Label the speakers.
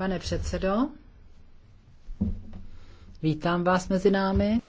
Speaker 1: Pane předsedo, vítám vás mezi námi.